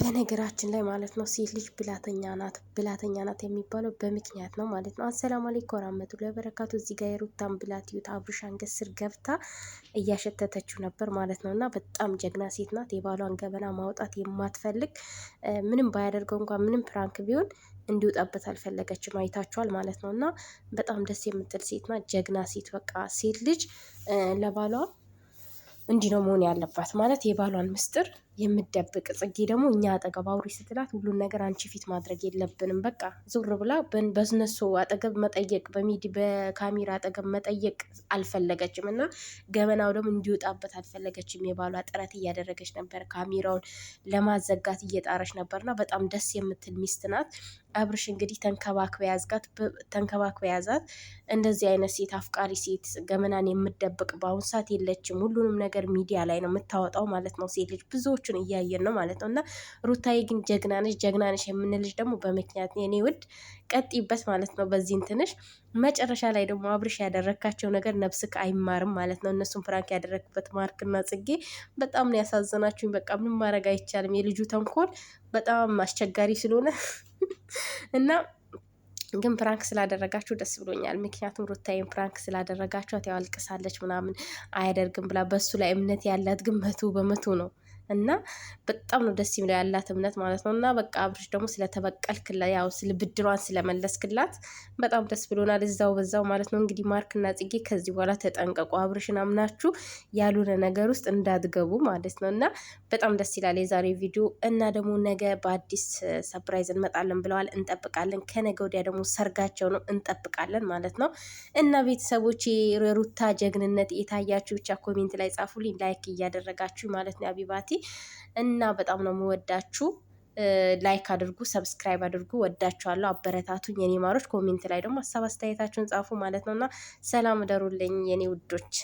በነገራችን ላይ ማለት ነው ሴት ልጅ ብላተኛ ናት። ብላተኛ ናት የሚባለው በምክንያት ነው ማለት ነው። አሰላሙ አለይኩም ወራህመቱላሂ ወበረካቱ። እዚህ ጋር የሩታን ብላት ዩት አብርሽ አንገት ስር ገብታ እያሸተተችው ነበር ማለት ነው። እና በጣም ጀግና ሴት ናት። የባሏን ገበና ማውጣት የማትፈልግ ምንም ባያደርገው እንኳን ምንም ፕራንክ ቢሆን እንዲወጣበት አልፈለገችም። አይታችኋል ማለት ነው። እና በጣም ደስ የምትል ሴት ናት። ጀግና ሴት በቃ ሴት ልጅ ለባሏ እንዲህ ነው መሆን ያለባት ማለት የባሏን ምስጢር የምደብቅ ጽጌ ደግሞ እኛ አጠገብ አውሪ ስትላት ሁሉን ነገር አንቺ ፊት ማድረግ የለብንም በቃ ዙር ብላ በነሱ አጠገብ መጠየቅ በሚዲ በካሜራ አጠገብ መጠየቅ አልፈለገችም እና ገበናው ደግሞ እንዲወጣበት አልፈለገችም። የባሏ ጥረት እያደረገች ነበር፣ ካሜራውን ለማዘጋት እየጣረች ነበር በጣም ደስ የምትል ሚስት ናት። አብርሽ እንግዲህ ተንከባክበ ያዛት። እንደዚህ አይነት ሴት አፍቃሪ ሴት ገመናን የምደብቅ በአሁን ሰዓት የለችም። ሁሉንም ነገር ሚዲያ ላይ ነው የምታወጣው ማለት ነው ሴት ልጅ ብዙዎቹን እያየን ነው ማለት ነው። እና ሩታዬ ግን ጀግናነሽ ጀግናነሽ የምንልሽ ደግሞ በምክንያት የኔ ውድ ቀጥይበት ማለት ነው። በዚህን ትንሽ መጨረሻ ላይ ደግሞ አብርሽ ያደረካቸው ነገር ነብስክ አይማርም ማለት ነው። እነሱን ፍራንክ ያደረግበት ማርክና ጽጌ በጣም ነው ያሳዘናችሁኝ። በቃ ምንም ማድረግ አይቻልም። የልጁ ተንኮል በጣም አስቸጋሪ ስለሆነ እና ግን ፕራንክ ስላደረጋችሁ ደስ ብሎኛል። ምክንያቱም ሩታዬን ፕራንክ ስላደረጋችኋት ያው አልቅሳለች ምናምን አያደርግም ብላ በሱ ላይ እምነት ያላት ግን መቶ በመቶ ነው። እና በጣም ነው ደስ የሚለው ያላት እምነት ማለት ነው። እና በቃ አብርሽ ደግሞ ስለተበቀልክላ ያው ብድሯን ስለመለስክላት በጣም ደስ ብሎናል። እዛው በዛው ማለት ነው እንግዲህ ማርክና ጽጌ ከዚህ በኋላ ተጠንቀቁ፣ አብርሽን አምናችሁ ያልሆነ ነገር ውስጥ እንዳትገቡ ማለት ነው። እና በጣም ደስ ይላል የዛሬ ቪዲዮ። እና ደግሞ ነገ በአዲስ ሰፕራይዝ እንመጣለን ብለዋል፣ እንጠብቃለን። ከነገ ወዲያ ደግሞ ሰርጋቸው ነው፣ እንጠብቃለን ማለት ነው። እና ቤተሰቦች የሩታ ጀግንነት የታያችሁ ብቻ ኮሜንት ላይ ጻፉልኝ፣ ላይክ እያደረጋችሁ ማለት ነው። አቢባቲ እና በጣም ነው የምወዳችሁ። ላይክ አድርጉ፣ ሰብስክራይብ አድርጉ። ወዳችኋለሁ፣ አበረታቱኝ የኔ ማሮች። ኮሜንት ላይ ደግሞ ሀሳብ አስተያየታችሁን ጻፉ ማለት ነው እና ሰላም እደሩልኝ የኔ ውዶች።